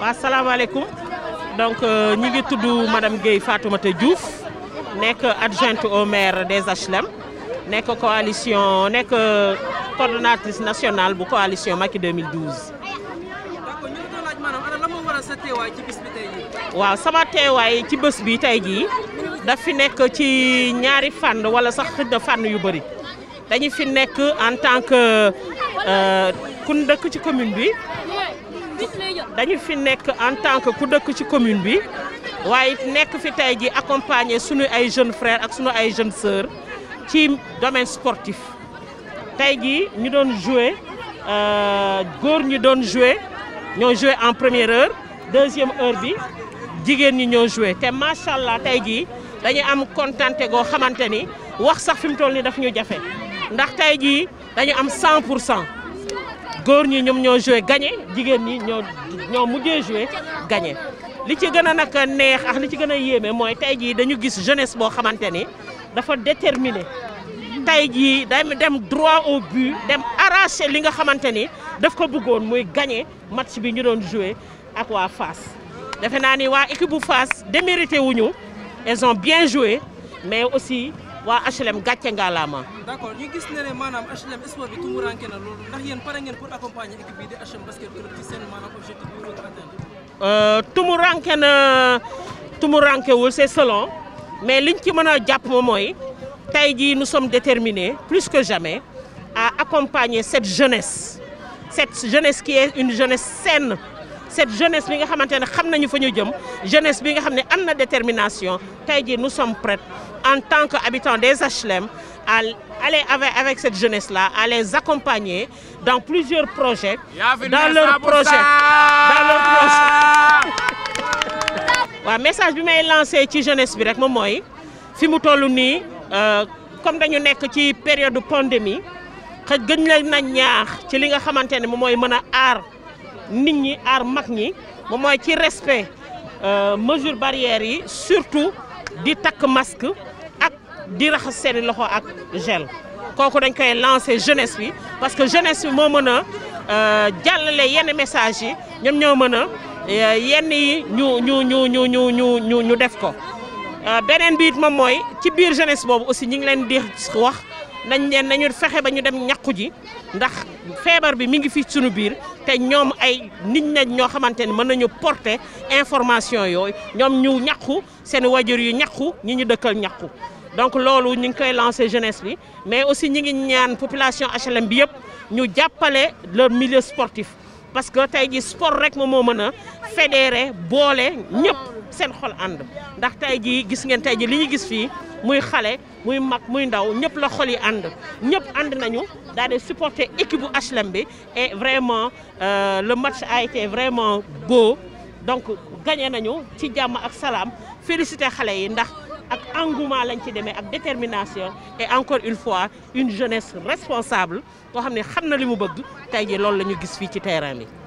waa salaamaaleykum donc euh, ñi ngi tudd madame Guèye Fatoumata Diouf nekk adjointe au maire des HLM nekk coalition nekk euh, coordonnatrice nationale bu coalition Macky 2012. waaw sama teewaay ci bës bi tey jii daf fi nekk ci ñaari fànn wala sax xëj na fànn yu bëri dañu fi nekk en tant que euh, ku dëkk ci commune bi. dañu fi nekk en tant que ku dëkk ci commune bi waaye nekk fi tay ji accompagner sunu ay jeunes frères ak sunu ay jeunes sœurs ci domaine sportif tey jii ñu doon jouer euh, góor ñi doon jouer ñoo jouer en première heure deuxième heure bi jigéen ñi ñoo jouer te macha allah tey jii dañuy am kontante goo xamante ni wax sax fi mu toll nii daf ñu jafe ndax tey ji dañu am 100 pour cent góor ñi ñoom ñoo joué gañe jigéen ñi ñoo ñoo mujjee joué gagné. li ci gën a nag neex ak li ci gën a yéeme mooy tey jii dañu gis jeunesse boo xamante ni dafa déterminé tey jii day dem droit au but dem arraché li nga xamante ni daf ko bëggoon muy gagné match bi ñu doon joué ak waa Fass. defe naa ni waa équipe bu Fass démérité wuñu elles ont bien joué mais aussi. waa HLM gàcce ngaalaama. d'accord ñu gis ne ne maanaam HLM espoir bi tumuranke na ndax yéen pare ngeen pour accompagner équipe bi di HLM basket club euh, tumuranke na tumuranke wul c'est selon mais liñ ci mën a jàpp mooy tey jii nu sommes déterminés plus que jamais à accompagner cette jeunesse cette jeunesse qui est une jeunesse saine. cette jeunesse bi nga xamante ne xam nañu fa ñu jëm jeunesse bi nga xam ne am na détermination tey jii nu som prêts en tant que qu'habitants des HLM, à aller avec, avec cette jeunesse la à les accompagner dans plusieurs projets, dans leurs projets, dans leurs projets. waaw message bi may lancé ci jeunesse bi rek moom mooy fi mu toll nii euh, comme dañu nekk ci période de pandémie xëj gën la na ñaax ci li nga xamante ne moom mooy mën a aar nit ñi aar mag ñi moom mooy ci respect euh, mesure barrière yi surtout di takk masque di raxas seeni loxo ak gel kooku dañ koy lancer jeunesse bi parce que jeunes bi moo mën a euh, jàllale yenn message yi ñoom ñoo mën a euh, yenn yi ñu ñu ñu ñu ñu ñu ñu ñu def ko euh, beneen bi it moom mooy ci biir jeunesse boobu aussi ñu ngi leen di wax nañ leen nañu fexe ba ñu dem ñàqu ji ndax feebar bi mi ngi fii sunu biir te ñoom ay nit nañ ñoo xamante ni mën nañu porter information yooyu ñoom ñu ñàqu seeni wajur yu ñàqu ñi ñu dëkkal ñàqu donc loolu ñu ngi koy lancer jeunesse bi mais aussi ñu ngi ñaan population HLM bi yëpp ñu jàppale le milieu sportif parce que tey ji sport rek moom moo mën a fédérer boole ñëpp seen xol ànd ndax tey ji gis ngeen tey ji li ñu gis fii muy xale muy mag muy ndaw ñëpp la xol yi ànd ñëpp ànd nañu daal di supporter équipe bi et vraiment euh, le match a été vraiment beau donc gagné nañu ci jàmm ak salaam féliciter xale yi ndax ak engouement lañ ci demee ak détermination et encore une fois une jeunesse responsable koo xam ne xam na li mu bëgg tey ji loolu la ñu gis fii ci terrain bi